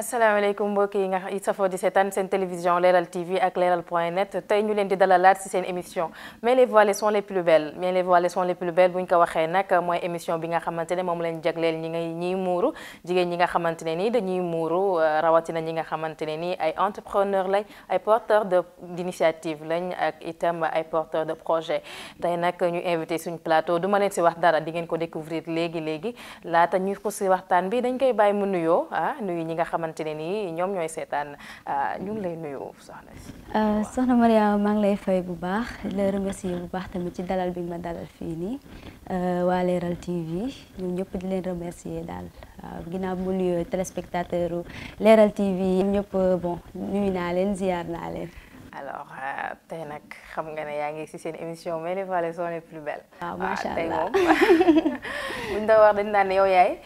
asalaamaaleykum mbokk yi nga xam di seetaan seen télévision Leral TV ak Leral point net tey ñu leen di dalalaat ci seen émission mais les voilées sont les plus belles mais les voilées sont les plus belles bu ñu ko waxee nag mooy émission bi nga xamante ne moom lañ jagleel ñi ngay ñiy muuru jigéen ñi nga xamante ne nii dañuy muuru euh, rawatina ñi nga xamante ne nii ay entrepreneur lañ ay porteur de d'initiative lañ ak itam ay porteur de projet tey nag ñu invité suñu plateau du ma leen wax dara di ngeen ko découvrir léegi léegi laata ñu ko ci waxtaan bi dañ koy bàyyi mu nuyoo ah nuyu ñi nga xamante xamante ne nii ñoom ñooy seetaan euh, ñu ngi lay nuyu soxna si. Euh, soxna Mariama lay fay bu baax la remercier bu baax tamit ci dalal bi ma dalal fii nii euh, waa Leral TV ñoom ñëpp di leen remercier daal waaw ginnaaw bu nuyu téléspectateur Leral TV ñëpp bon nuyu naa leen ziar naa leen. alors euh, tey nag xam nga ne yaa ngi si seen émission Mes Valeurs sont les plus belles. Ah, waaw macha allah tey moom buñ doon wax dañ naan ne yow yaay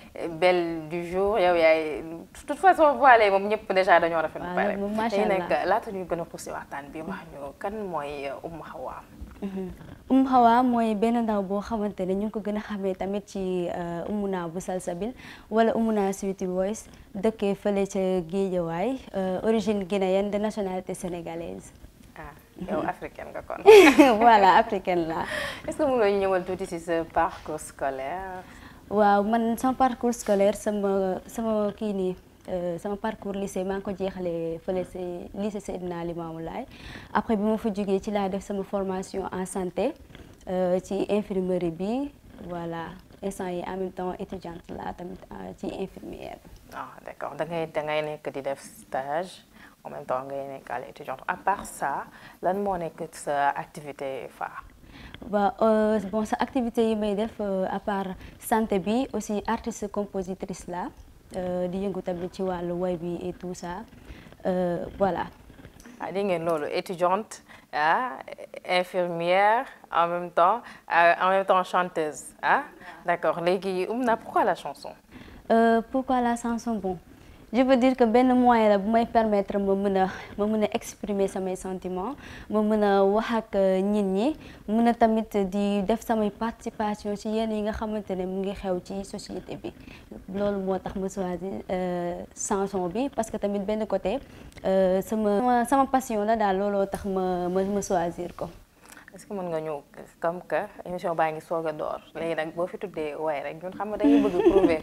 belle du jour yow yaay de toute façon voilée moom ñëpp déjà dañoo rafetlu. waaw macha allah tey nag laata ñu gën a xuus ci waxtaan bi wax ñu kan mooy Oumou Hawa. Mm-hmm. um Hawa mooy benn ndaw boo xamante ne ñu ngi ko gën a xamee tamit ci uh, umuna bu salsabil wala umuna Sweet Voice dëkkee fële ca Guédiawaye uh, origine guinéenne de nationalité sénégalaise. ah yow mm-hmm. africaine nga kon. voilà africaine la. est-ce que mën nga ñëwal tuuti ci sa parcours scolaire. waaw man sama parcours scolaire sama sama kii nii. Euh, sama parcours lycée maa ngi ko jeexalee fële si lycée Seydina Limamou Laye après bi ma fa jógee ci laa def sama formation en santé euh, ci infirmerie bi voilà instant yi en même étudiante la tamit euh, ci infirmière bi. ah d' accord da nekk di def stage en même ngay nekk à l' étudiante à part ça lan moo nekk sa activité phare. ba bon sa activité yi may def à part santé bi aussi artiste compositrice la. Euh, di yëngu tamit ci wàllu way bi et tout ça euh, voilà. ah dégg ngeen loolu étudiante ah infirmière en même temps euh, en même temps chanteuse ah. d'accord léegi Oumina pourquoi la chanson. pourquoi la chanson bon. je veux dire que benn moyen la bu may permettre ma mën a ma mën a exprimer samay sentiments ma mën a wax ak euh, nit ñi mun a tamit di def samay participation ci yenn yi nga xamante ne mu ngi xew ci société bi loolu moo tax ma choisir euh, chanson bi parce que tamit benn côté euh, sama sama passion la daal looloo tax ma ma ma soisir ko est-ce nga ñu comme que émission baa ngi soog a door léegi nag boo fi tuddee waaye rek ñun xam nga dañuy bëgg prouver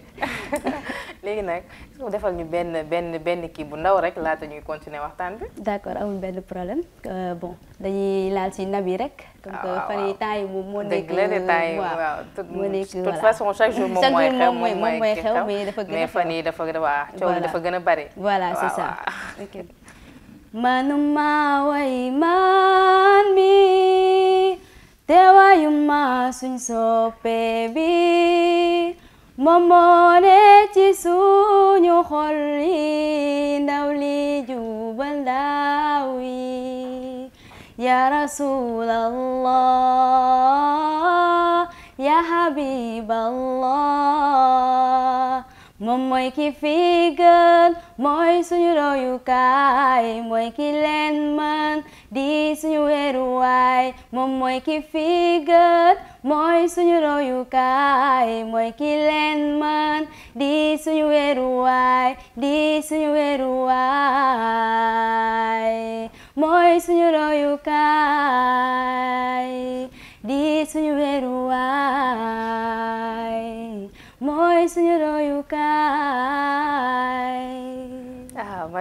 léegi nag su defal ñu benn benn benn kii bu ndaw rek laata ñuy continuer waxtaan bi. d'accord amul benn problème euh, bon dañuy laal ci nabi rek. comme ah, fan yi temps yi moom moo nekk. moo nekk voilà toute façon chaque jour moom mooy xew moom mooy xew mais dafa gën a mais fan yi dafa waa coow dafa gën a bari. voilà ah, c'est ça manuma way man mi. teewaayum ma suñ soppe bi moom ci suñu xol yi ndaw li jubal ndaw ya rasulallah ya habiballah moom mooy ki fi gën mooy suñu royukaay mooy ki leen mën di suñu weeruwaay moom mooy ki fi gën mooy suñu royukaay mooy ki leen mën di suñu waay di suñu weeruwaay mooy suñu royukaay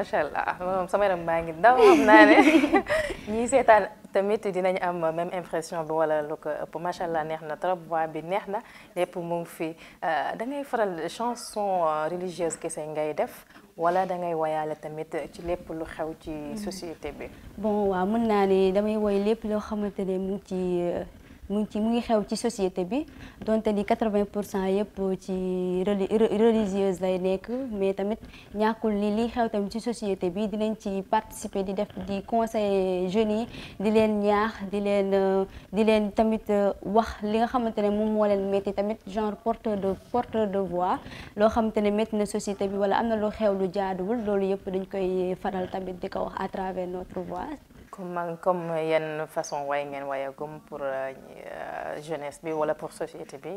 macha allah moom sama yaram baa ngi daw xam naa ne ñii seetaan tamit dinañ am même impression bi wala lu ko ëpp macha neex na trop voix bi neex na lépp mu ngi fi euh, da ngay faral chanson euh, religieuse kese ngay def wala da ngay woyaale tamit ci lépp lu xew ci hmm. société bi. bon waaw mën naa ne damay woy lépp loo xamante ne ci. Euh, mu ngi ci mu ngi xew ci société bi donte ni quatre-vingt pour cent yëpp ci religieuse lay nekk mais tamit ñàkkul ni li xew tamit ci société bi dinañ ci participer di def di conseiller jeunes yi di leen ñaax di leen euh, di leen tamit euh, wax li nga xamante ne moom moo leen métti tamit genre porteur de porteur de voix loo xamante ne métti na société bi wala am na lu xew lu jaaduwul loolu yëpp dañ koy faral tamit di ko wax à travers notre voix comme comme yenn façon way ngeen wayagum pour euh, euh, jeunesse bi wala pour société bi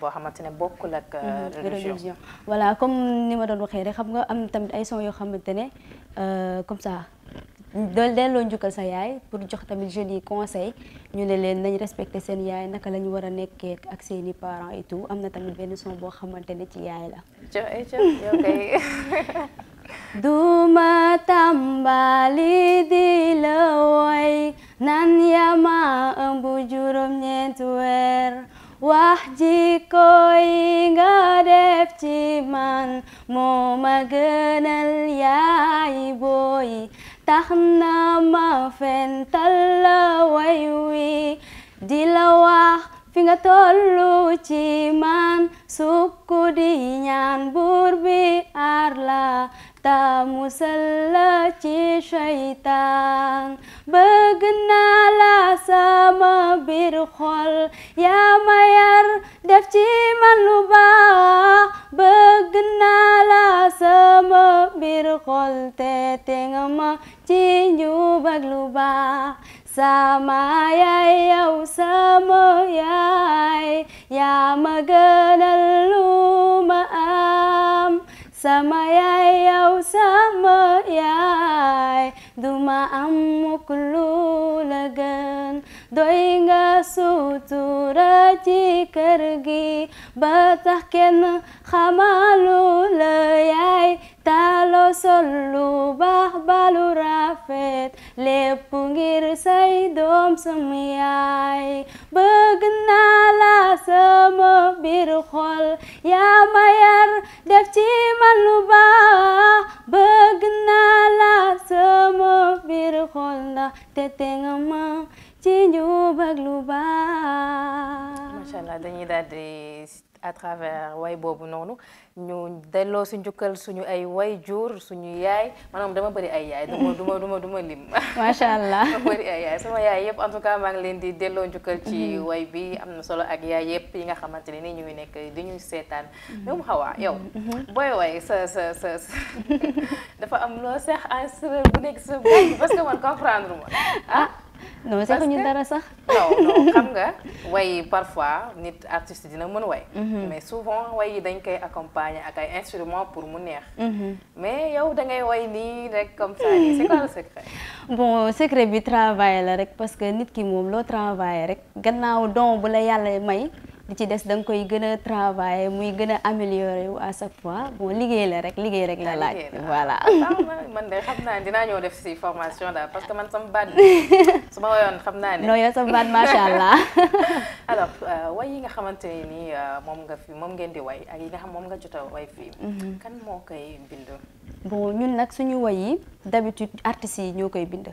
boo xamante ne bokkul ak euh, mhm, religion voilà comme ni ma doon waxee rek xam nga am tamit ay son yoo xamante ne comme ça dool delloo njukkal sa yaay pour jox tamit jeunes yi conseil ñu ne leen nañ respecté seen yaay naka lañu ñu war a nekkee ak seeni parents et tout am na tamit benn son boo xamante ne ci yaay la eh, ma tàmbali di la woy nan yama ëmb juróom ñeenti weer wax ji koy nga def ci man moo ma gënal yaay booy tax na ma fental la way di la wax fi nga tollu ci man sukku di ñaan buur bi aar la ta musal la ci seytaan bëgg naa la sama biir yaa ma yar def ci man lu baax bëgg naa la sama biir xol te te nga ma ci njub lu baax sama yaay yow sama yaay yaa ma gënal lu samay yow oh sama yaay duma am mukk lu la doy nga sutura kër gi ba tax kenn xamalu la yaay taaloo sol lu baax balu rafet lépp ngir say doom sama yaay bëgg naa la sama biir xol yaa ma def ci man lu baax bëgg naa la sama biir xol ndax tete nga ma ci njub lu baax. macha allah dañuy daal à travers way boobu noonu ñu delloo si njukkal suñu ay way jur suñu yaay maanaam dama bëri ay yaay. duma duma duma duma lim. macha allah dama ay yëpp en tout maa ngi leen di delloo njukkal ci mhm. way bi am na solo ak yaay yëpp yi nga xamante ne ni ñu nekk di ñuy seetaan. ñoom mhm. xawaa yow. Mhm. booy way sa sa sa dafa am loo seex en bu nekk sa bopp parce que man comprendre ma ah, ah. non sax ñu dara sax. non non xam nga way parfois nit artiste dina mën woy mhm. mais souvent way yi dañ koy accompagner ak ay instruments pour mu neex. Mhm. mais yow da ngay way nii rek comme ça nii c'est quoi le secret. bon secret bi travail la rek parce que nit ki moom loo travail rek gannaaw don bu la yàlla may. li ci des da nga koy gën a travailler muy gën a améliorer wu à chaque fois bon liggéey la rek liggéey rek la ah, laaj. voilà ah, man de xam naa dinaa ñëw def si formation daal parce que man sama baat su ma woyoon xam naa ne. non yow sama allah. alors euh, way yi nga xamante ni euh, moom nga fi moom ngeen di way ak yi nga xam moom nga jot a way fii. Mhm. kan moo koy bind. bon ñun nag suñu way yi d'habitude artistes yi ñoo koy bind.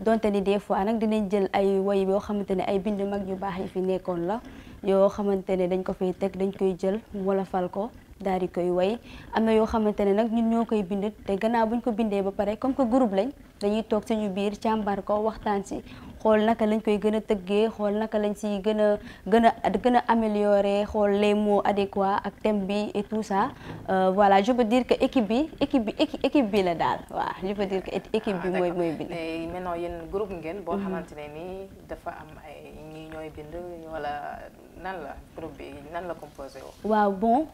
donte ni des fois nag dinañ jël ay way yoo xamante ni ay bind mag ñu baax yi fi nekkoon la. yoo xamante ne dañ ko fay teg dañ koy jël wolofal ko daal di koy woy am na yoo xamante ne nag ñun ñoo koy bind te gannaaw buñ ko bindee ba pare comme que groupe lañ dañuy toog sañu biir càmbar ko waxtaan si xool naka lañ koy gën a tëggee xool naka lañ si gën a gën a gën a améliorer xool les mots adéquats ak thème bi et tout ça euh, voilà je peux dire que équipe bi équipe bi bi la daal waaw je peux dire que équipe ah, bi mooy mooy bind groupe ngeen boo mhm. xamante ne nii dafa am ay ñi ñooy bind wala nan la groupe bi nan la composé waaw bon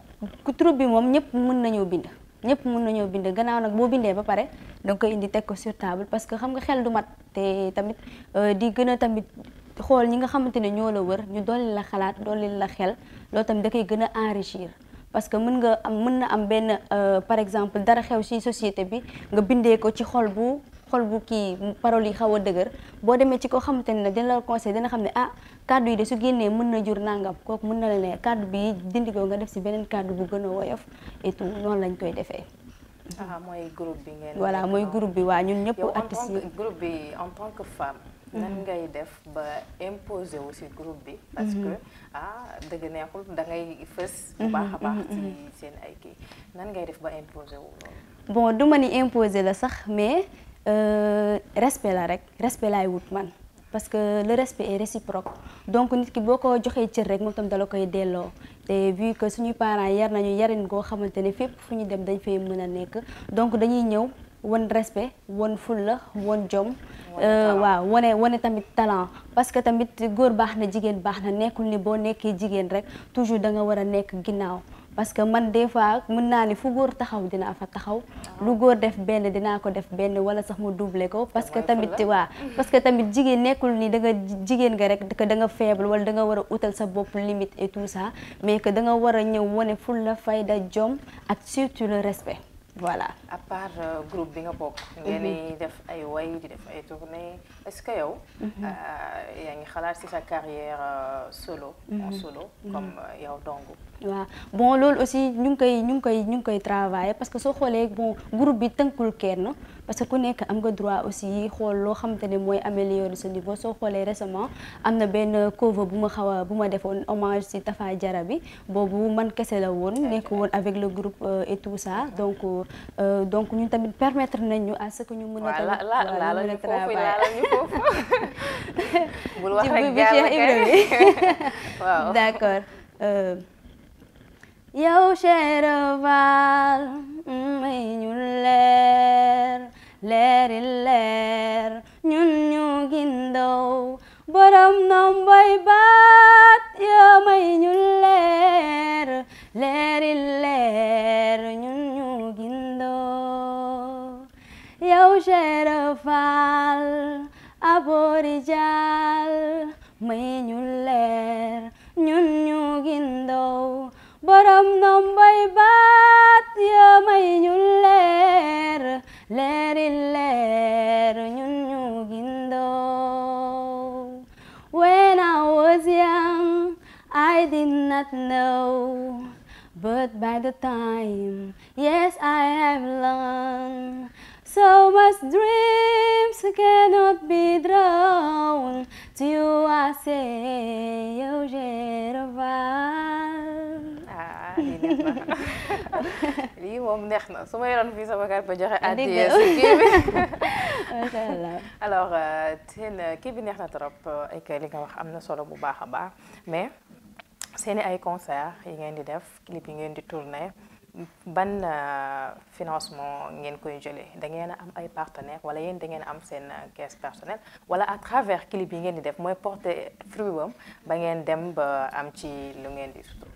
troupe bi moom ñëpp mën nañoo bind ñëpp mën nañoo bind gannaaw nag boo bindee ba pare danga koy indi teg ko sur parce que xam nga xel du mat te tamit euh, di gën a tamit xool ñi nga xamante ne ñoo la wër ñu dolli la xalaat dolli la xel loo tamit da koy gën a enrichir parce que mën nga am mën na am benn euh, par exemple dara xew ci société bi nga bindee ko ci xool bu xol bu kii parole yi xaw a dëgër boo demee ci koo xamante ne dina la conseil dana xam ne ah kàddu yi de su génnee mën na jur nangam kooku mën na la ne kàddu bi dindi ko nga def si beneen kàddu bu gën a woyof et noonu lañ koy defee. ah mooy groupe bi ngeen. mooy groupe bi waa ñun ñëpp. artistes yi groupe bi en tant que femme. Mhm. nan ngay def ba imposer wu si groupe bi. parce mhm. que ah dëgg neexul da ngay fës. bu mhm, baax a baax ci seen ay kii nan ngay def ba imposer wu loolu. ma ni imposer la sax mais. Euh, respect la rek respect laay wut man parce que le respect est réciproque donc nit ki boo ko joxee cër rek moom tam dala koy delloo te vu que suñu parent yar nañu yarin goo xamante ne fépp fu ñu dem dañ fay mën a nekk donc dañuy ñëw won respect won fulla won jom euh, waaw wane wane tamit talent parce que tamit góor baax na jigéen baax na nekkul ni boo nekkee jigéen rek toujours da nga war a nekk ginnaaw parce que man des fois mën naa ni fu góor taxaw dinaa fa taxaw lu góor def benn dinaa ko def benn wala sax mu doublé ko parce que tamit waa parce que tamit jigéen nekkul ni danga jigéen nga rek que da nga faible wala da nga war a utal sa bopp limite et tout ça mais que da nga a ñëw wane ful la fayda jom ak surtout le respect voilà à part euh, groupe bi nga bokk ngeen di mhm. def ay way di def ay tournée est-ce que yow mhm. euh, yaa ngi xalaat ci sa carrière euh, solo mhm. solo comme yow dong waaw bon loolu aussi ñu ngi koy ñu ngi koy ñu ngi koy travailler parce que soo xoolee bon group bi tënkul kenn parce que ku nekk am nga droit aussi xool loo xamante ne mooy améliorer sa niveau soo xoolee récemment am na benn cover bu ma xaw bu ma defoon hommage si Tafa Jara bi boobu man kese la woon nekk woon avec le group euh, et tout ça donc euh, euh, donc ñun tamit permettre nañ ñu à ce ñu mën a la la ñu foofu la la ñu foofu bul wax rek jàll kay waaw yow Cheikh Fall may ñu leer leer ñun ñu gindow borom nombay baat yow may ñu leer leer ñun ñu gindow yow Cheikh Fall aborijal may ñu leer borom nombay baat ya may ñu leer leeri leer ñun ñu gindoo when I was young I did not know but by the time yes I have learned so much dreams cannot be drowned. Tu as eu geroval. lii moom neex na su ma yoroon fii sama carte ba joxe addiya si bi alors seen kii neex na trop ay li nga wax am na solo bu baax a baax mais seeni ay concert yi ngeen di def clip yi ngeen di tourner ban eh, financement ngeen koy jëlee da ngeen am ay partenaires wala yéen da ngeen am seen eh, caisse personnelle wala à travers clip yi ngeen di def mooy porter fruit ba ngeen dem ba am ci lu ngeen di sutur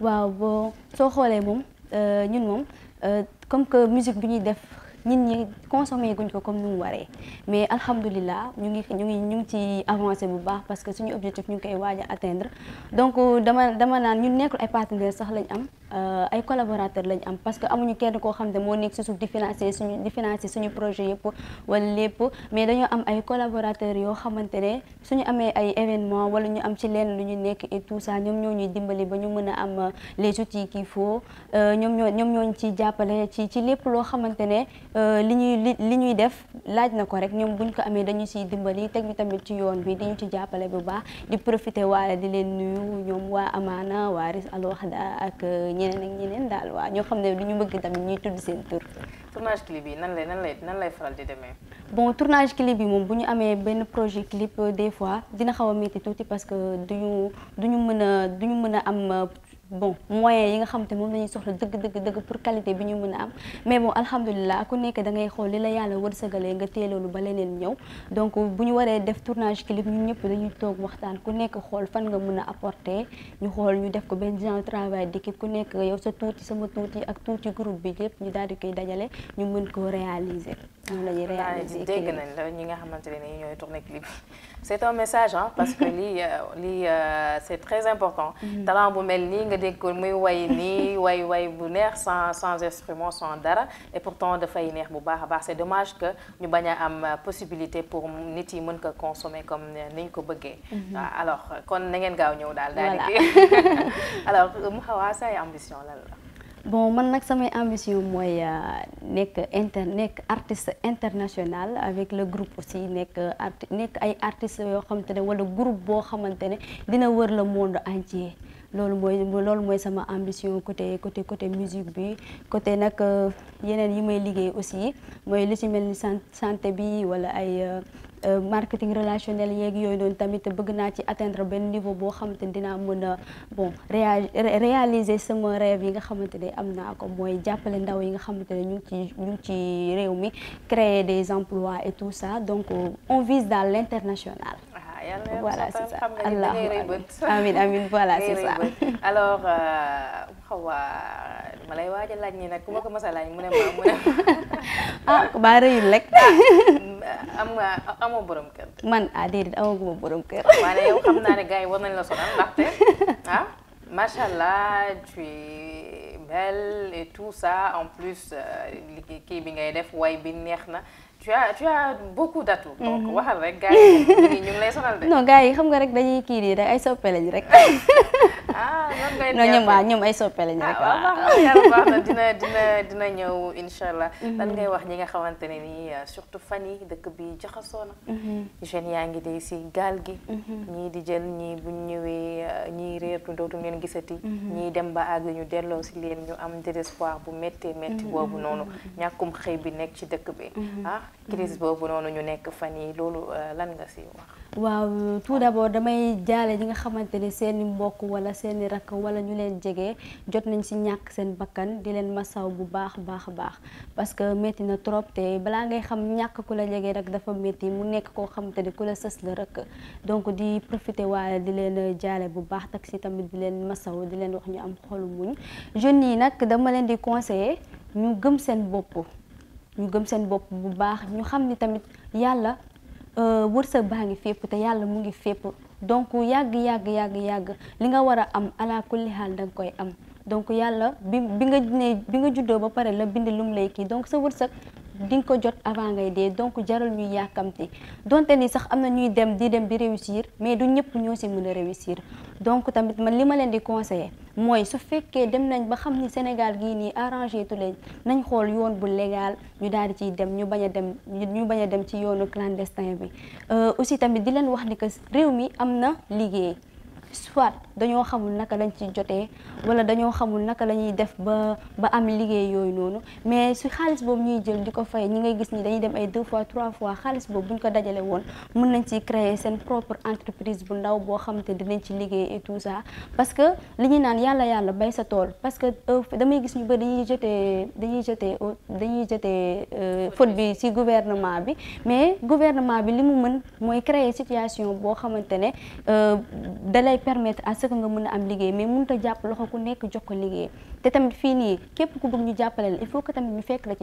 waaw boo soo xoolee moom euh, ñun moom euh, comme que musique bu ñuy def nit ñi consommé guñ ko comme nu mu waree mais alhamdulilah ñu ngi ñu ngi ñu ngi ci avancé bu baax parce que suñu objectif ñu ngi koy waaj a donc euh, dama dama naan ñu nekkul ay partenaires sax lañ am. Euh, ay collaborateurs lañ am parce que amuñu kenn koo xam ne moo nekk si suuf di financer suñu di financer suñu projet yëpp wala lépp mais dañu am ay collaborateurs yoo xamante ne suñu amee ay événements wala ñu am ci leen lu ñu nekk et tout ñoom ñoo ñuy dimbali ba ñu mën a am euh, les outils qu'il faut euh, ñoom ñoo ñoom ñooñ ci jàppale ci ci lépp loo xamante ne li ñuy li ñuy def laaj na ko rek ñoom buñ ko amee dañu siy dimbali teg tamit ci yoon bi di ci jàppale bu baax di profiter waale di leen nuyu ñoom waa Amana waa Ris Al Wahda ak ñeneen ak ñeneen daal waaw ñoo xam ne lu ñu bëgg tamit ñuy tudd seen tur. tournage clip bi nan lay nan lay nan di demee. bon tournage clip bi moom bu ñu amee benn projet clip euh, des fois dina xaw a métti tuuti parce que duñu duñu mën a duñu mën a am. Euh, bon moyens yi nga xamante moom la ñuy soxla dëgg dëgg dëgg pour qualité bi ñu mën a am mais bon alhamdulilah ku nekk da xool li la yàlla wërsëgalee nga teeloolu ba leneen ñëw donc bu ñu waree def tournage clip ñun ñëpp dañuy toog waxtaan ku nekk xool fan nga mën a apporter ñu xool ñu def ko benn genre travail d'équipe ku nekk yow sa tuuti sama tuuti ak tuuti groupe bi yëpp ñu daal di koy dajale ñu mën koo réaliser. ñoom dégg nañ la ñi nga xamante ne nii ñooy tourné clip c' est un message ah parce que lii euh, lii euh, est très important. Mm-hmm. talent bu mel nii nga dégg ko muy way nii way way bu neex sans sans instrument sans dara et pourtant dafay neex bu baax a baax c' est dommage que ñu bañ a am euh, possibilité pour nit yi mën ko consommer comme ni ñu ko bëggee. Mm-hmm. Ah, alors kon na ngeen gaaw ñëw daal. daal di alors Hawa say ambition lan la. bon man nag samay ambition mooy euh, nekk inter nekk international avec le groupe aussi nekk nekk ay artistes yoo xamante ne wala groupe boo xamante ne dina wër le monde entier. loolu mooy loolu mooy sama ambition côté côté côté musique bi côté nag euh, yeneen yi may liggéey aussi mooy li ci mel ni santé bi wala ay euh, euh, marketing relationnel yeeg yooyu noonu tamit bëgg naa ci atteindre benn niveau boo xamante ni dinaa mën a bon réaliser sama rêve yi nga xamante ni am naa ko mooy jàppale ndaw yi nga xamante ni ñu ngi ci ñu ci réew mi créer des emplois et tout ça donc on vise dans l'international voilà c'est ça allah amiin amiin voilà c'est ça alors euh, xawa ma lay waaj a laaj nii nag ku ma ko mos a laaj mu ne ma mu ne ah baa rëyul rek ah, mm, am nga amoo borom kër man ah déedéet amaguma borom kër waaye yow xam naa ne gars yi war nañ la sonal ndaxte ah macha allah tu es belle et tout ça en plus euh, kii bi ngay def way bi neex na tu as tu as beaucoup d'atouts. donc mhm. waxal rek gars yi ñu xam nga rek dañuy kii di rek ay soppe lañ rek. ah ñoom ngay non ay soppe lañ rek. ah dina dina dina ñëw incha allah. Mhm. ngay wax ñi nga xamante ne nii euh, surtout fan yi dëkk bi jaxasoo na. Mhm. jeunes yaa ngi dee si gaal gi. ñii di jël ñii buñ ñu ñëwee euh, ñii réer dootu ngeen gisati. ñii dem ba àgg ñu delloo si leen ñu am désespoir bu méttee métti boobu noonu ñàkkum xëy bi nekk ci dëkk bi ah, crise boobu noonu ñu nekk fan yi loolu euh, lan nga si wax. waaw tout d'abord damay jaale ji nga xamante ne seeni mbokk wala seeni rakk wala ñu leen jege jot nañ si ñàkk seen bakkan di leen masaw bu baax baax baax parce que métti na trop balaa ngay xam ñàkk ku la jege rek dafa métti mu nekk koo xamante ne ku la sës la rek donc di profité waale di leen jaale bu baax tax si tamit di leen masaw di leen wax ñu am xolu muñ jeunes yi nag dama leen di conseiller ñu gëm seen bopp. ñu gëm seen bopp bu baax ñu xam ni tamit yàlla euh, wërsëg baa ngi fépp te yàlla mu ngi fépp donc yàgg yàgg yàgg yàgg li nga war a am ala kulli xaal koy am donc yàlla bi bi nga nee bi nga juddoo ba pare la bind lum lay kii donc sa wërsëg di nga ko jot avant ngay dee donc jaral ñuy yàkkamti donte ni sax am na ñuy dem di dem di réussir mais du ñëpp ñoo si mën a réussir donc tamit man li ma leen di conseiller mooy su fekkee dem nañ ba xam ni Sénégal gii nii arrangé tu leen nañ xool yoon bu légal ñu daal di ciy dem ñu bañ a dem ñu bañ a dem ci yoonu clandestin bi euh, aussi tamit di leen wax ni que réew mi am na liggéey soit dañoo xamul naka lañ ci jotee wala dañoo xamul naka la ñuy def ba ba am liggéey yooyu noonu mais su xaalis boobu ñuy jël di ko fay ñi ngay gis ni dañuy dem ay deux fois trois fois xaalis boobu buñ ko dajale woon mën nañ ci créer seen propre entreprise bu ndaw boo xam ne dinañ ci liggéey tout ça parce que li ñuy naan yàlla yàlla bay sa tool parce que euh, damay gis ñu ba dañuy jotee dañuy jotee dañuy jotee euh, faute bi ci gouvernement bi mais gouvernement bi li mu mën mooy créer situation boo xamante ne euh, dalay permettre à ce que nga mën a am liggéey mais mënut a jàpp loxo ku nekk jox ko liggéey te tamit fii nii képp ku bëgg ñu jàppale la il faut que tamit ñu fekk la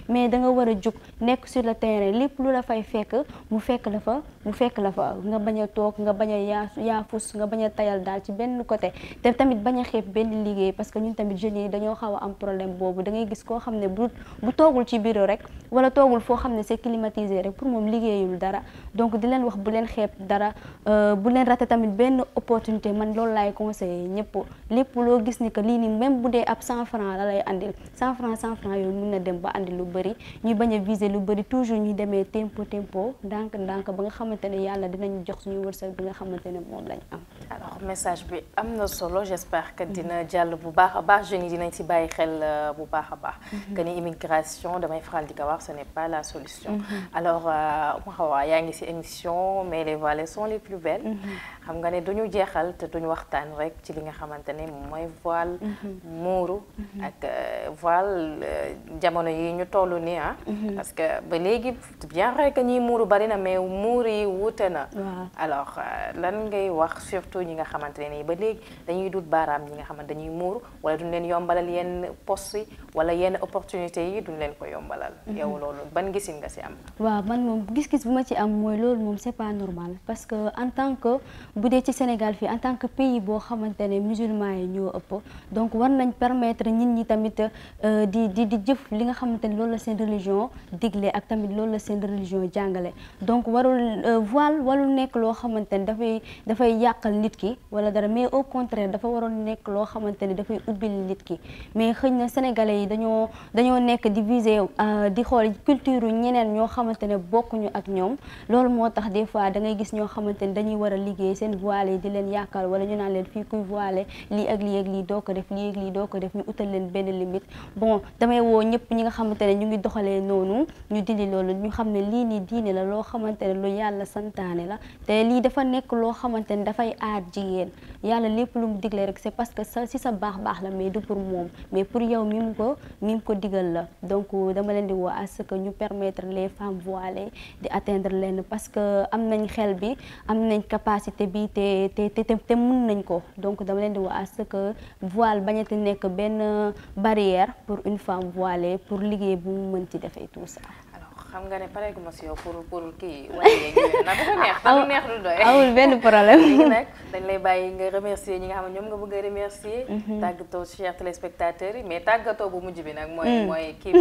ci war a jug nekk sur le terrain lépp lu la fay fekk mu fekk la fa mu fekk la fa nga bañ a toog nga bañ a yaa yaafus nga bañ a tayal daal ci benn côté te tamit bañ a xeeb benn liggéey parce que ñun tamit jeunes yi dañoo xaw a am problème boobu da ngay gis koo xam ne bu bu toogul ci bureau rek wala toogul foo xam ne c'est climatisé liggéey rek pour moom liggéeyul dara donc di leen wax bu leen xeeb dara euh, bu leen raté tamit benn opportunité man loolu laay conseillé ñëpp lépp loo gis ni que lii nii même bu dee ab 100 francs la lay andil 100 francs 100 francs yooyu mun na dem ba andil lu bëri ñuy bañ a viser lu bëri toujours ñuy demee tempo tempo ndànk ndànk ba nga xamante ne yàlla dinañu jox suñu wërsëg bi nga xamante ne moom lañ am. alors message bi am na solo j'espère que dina jàll bu baax a baax jeunes yi dinañ ci bàyyi xel euh, bu baax a baax. Mm-hmm. que ni immigration damay faral di ko wax ce n'est pas alors Mahawa euh, yaa ngi ci émission mais les voilées sont les plus belles. Mm-hmm. xam nga ne duñu jeexal te duñu waxtaan rek ci li nga xamante ne mooy voile. Mm-hmm. muuru mm-hmm. ak euh, voile euh, jamono yi ñu toll nii ah. parce que ba léegi bien vrai que muuru bari na mais muur yi wuute na. alors lan ngay wax surtout ñi nga xamante ne nii ba léegi dañuy dut baaraam ñi nga xamante dañuy muuru wala duñ leen yombalal yenn postes wala yenn opportunité yi duñ leen ko yombalal. Mhm. yow loolu ban gisin nga si am. waaw man moom gis-gis bu ma ci am mooy loolu moom c'est pas normal parce que en tant que bu dee ci Sénégal fii en tant que pays boo xamante ne musulman yi ñoo ëpp donc war nañ permettre nit ñi tamit euh, di di di jëf li nga xamante ne loolu la seen religion digle ak tamit loolu la seen religion jàngale donc warul euh, voile warul nekk loo xamante ne dafay dafay yàqal nit ki wala dara mais au contraire dafa waroon nekk loo xamante ne dafay ubbil nit ki mais xëy na sénégalais yi dañoo dañoo di divisé euh, di xool culture ñeneen ñoo xamante ne ñu ak ñoom loolu moo tax des fois da ngay gis ñoo xamante ne dañuy war a liggéey seen voilé yi di leen yàkkal wala ñu naa leen fii kuy voilé lii ak lii ak lii doo ko def lii ak doo ko def ñu utal leen benn limite bon damay woo ñëpp ñi nga xamante ne ñu ngi doxalee noonu ñu dindi loolu ñu xam ne lii nii diine la loo xamante ne lu yàlla santaane la te lii dafa nekk loo xamante ne dafay aar jigéen yàlla lépp lu mu digle rek c'est parce que sa si sa baax baax la mais ko ko diggal la donc dama leen di woo à ce que ñu permettre les femmes voilées di atteindre leen parce que am nañ xel bi am nañ capacité bi te te te te mun nañ ko donc dama leen di woo à ce que voile te nekk benn barrière pour une femme voilée pour liggéey bu mu mën ci defee tout ça. xam nga ne pare gu ma yow pour pour kii waaye na dafa neex dafa neex du doy. amul benn problème nag dañ lay bàyyi nga remercier ñi nga xam ne ñoom nga bëgg a remercier. Mhm. tàggatoo chers téléspectateurs yi mais tàggatoo bu mujj bi nag. mooy mm. mooy kii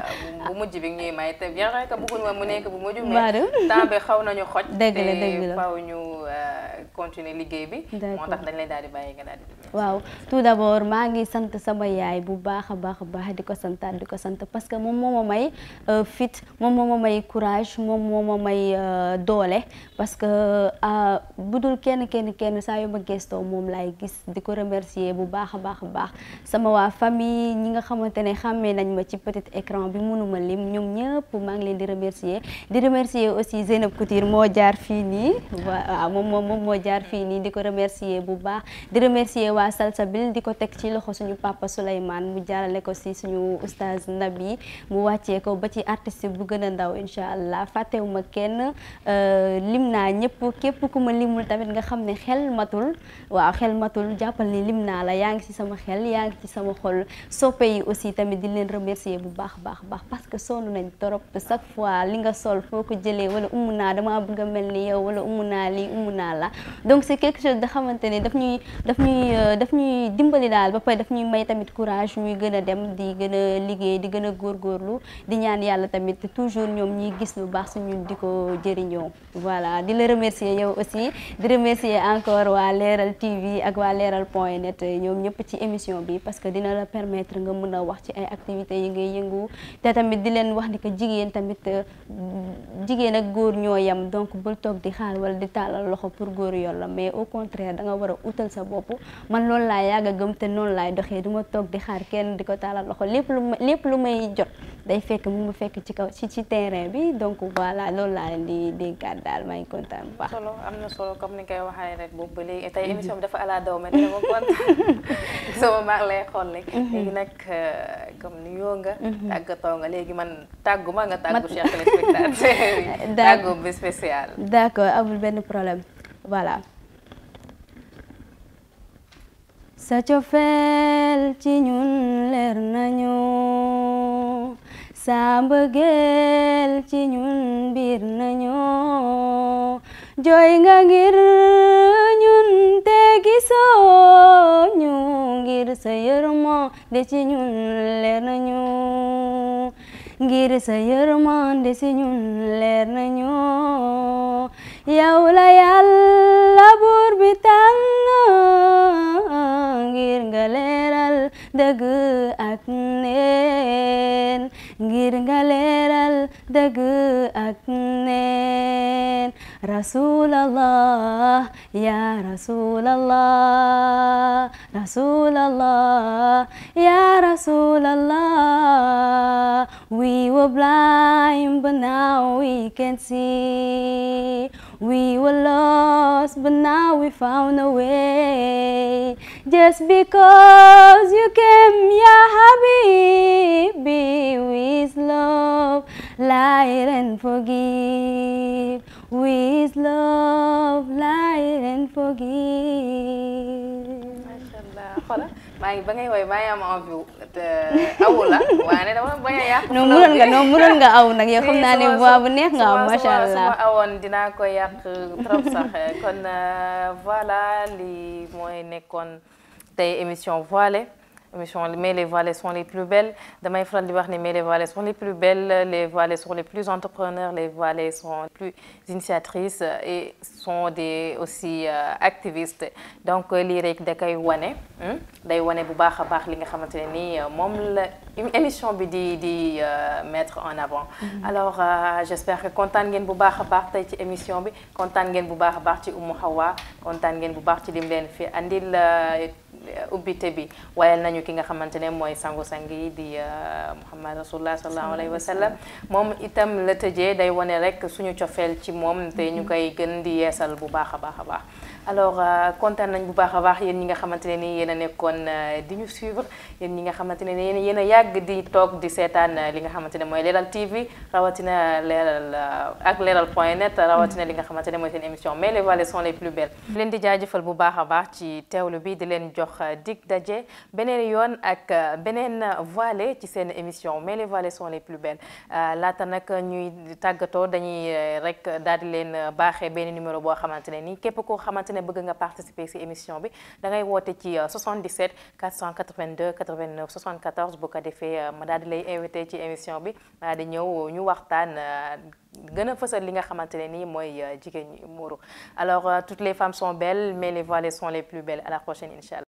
bu mujj bi ngay may te bien vrai que bëgguñu ma mu nekk bu mujj. maa temps bi xaw nañu xoj. dëgg la dëgg la te faaw ñu euh, continuer liggéey bi. moo tax dañ lay daal di bàyyi nga daal di. waaw tout d'abord maa ngi sant sama yaay bu baax a baax a baax di ko santaat di ko sant parce que moom moo ma may euh, fit moom moom ma may courage moom moo ma may euh, doole parce que euh, bu dul kenn kenn kenn saa yu ma gestoo moom laay gis di ko remercier bu baax a baax a baax sama waa famille ñi nga xamante ne xàmmee nañ ma ci petit écran bi mënuma lim ñoom ñëpp maa ngi leen di remercier di remercier aussi Zeynab Couture moo jaar fii nii waaw moom moom moo jaar fii nii di ko remercier bu baax di remercier waa Salsabil di ko teg ci loxo suñu papa Souleymane mu jaarale ko si suñu oustaz Nabi mu wàccee ko ba ci artiste bu gën a ndaw incha allah fàttewuma kenn euh, lim naa ñëpp képp ku ma limul tamit nga xam ne xel matul waaw xel matul jàppal ni lim naa la yaa ngi ci sama xel yaa ngi ci sama xol soppe yi aussi tamit di leen remercier bu baax baax baax parce que sonn nañ trop chaque fois li nga sol foo ko jëlee wala umu naa dama bëgg a mel ni yow wala umu naa lii umu naa la daf ñuy dimbali daal ba pare daf ñuy may tamit courage ñuy gën a dem di gën a liggéey di gën a góorgóorlu di ñaan yàlla tamit toujours ñoom ñii gis lu baax su ñun di ko jëriñoo voilà di la remercier yow aussi di remercier encore waa Leral TV ak waa leeral point net ñoom ñëpp ci émission bi parce que dina la permettre nga mën a wax ci ay activités yi ngay yëngu te tamit di leen wax ni que jigéen tamit jigéen ak góor ñoo yem donc bul toog di xaar wala di taal loxo pour góor yor la mais au contraire da war a sa bopp man loolu laay yàgg a gëm te noonu laay doxee duma toog di xaar kenn di ko taalal loxo lépp lu may lépp lu may jot day fekk mu ma fekk ci kaw si ci terrain bi donc voilà loolu laa leen di dénkaat daal may kontaan bu baax. solo am na solo comme ni koy waxee rek boobu ba léegi tey mhm. émission bi dafa ala daw ma ma lay xool rek. Mhm. nag euh, comme ni yoo mhm. nga. léegi man tàggu ma nga tàggu chers téléspectateurs yi. tàggu bi amul benn problème voilà. sa cofeel ci ñun leer nañu sa mbëggeel ci ñun biir nañu jooy nga ngir ñun te gisoo ñu ngir sa yërmande ci ñun leer nañu ngir sa yërmande ci ñun leer nañu yow la yàlla buur bi tànn ngir nga leeral dëgg ak ya rasulallah ya rasulallah we were blind but now we can see we were lost but now we found a way Just because you came, ya Habibi, with love, light and forgive. With love, light and forgive. Mashallah, xoolal maa ngi ba ngay woy maa ngi am envie awu la waaye dama bañ a yàq. aw nag yow xam neex nga aw macha allah ma awoon dinaa ko yàq trop sax kon euh, voilà li mooy nekkoon. tey émission voile émission mais les voilées sont les plus belles damay faral di wax ne mais les voilées sont les plus belles les voilées sont les plus entrepreneurs les voilées sont les plus initiatrices et sont des euh, activistes donc euh, lii rek da koy wane hmm? day wane bu baax a baax li nga xamante ne nii euh, moom la émission bi di di mettre en avant mm-hmm. alors j'espère que kontaan ngeen bu baax a baax tey ci émission bi kontaan ngeen bu baax a baax ci Umu Hawa kontaan ngeen bu baax ci lim leen fi andil Euh, ubbite bi wayal nañu ki nga xamante ne mooy sangu-sang yi di euh, Muhammad rasulullah sallallahu alayhi wa sallam moom itam la tëjee day wane rek suñu cofeel ci moom te ñu mm-hmm. koy gën di yeesal bu baax a baax a baax alors euh, kontaan nañ bu baax a baax yéen ñi nga xamante ne ni yéen a nekkoon euh, di ñu suivre yéen ñi nga xamante ne ni yéen a yàgg di toog di seetaan euh, li nga xamante ne mooy leeral TV rawatina leeral ak leeral point net rawatina li nga xamante ne mooy seen émission mais les vallées sont les plus belles. leen di jaajëfal bu baax a baax ci teewlu bi di leen jox dig daje beneen yoon ak beneen vallée ci seen émission mais les vallées sont plus belles laata nag ñuy tàggatoo dañuy rek daal leen baaxee benn numéro boo ne bëgg nga participer ci émission bi da ngay woote ci 77 482 89 74 bu ko defee euh, ma daal di lay invité ci émission bi ma daal di ñëw euh, ñu waxtaan euh, gën a fësal li nga xamante ne nii mooy jigéen ñu muuru alors toutes les femmes sont belles mais les voilées sont les plus belles à la prochaine incha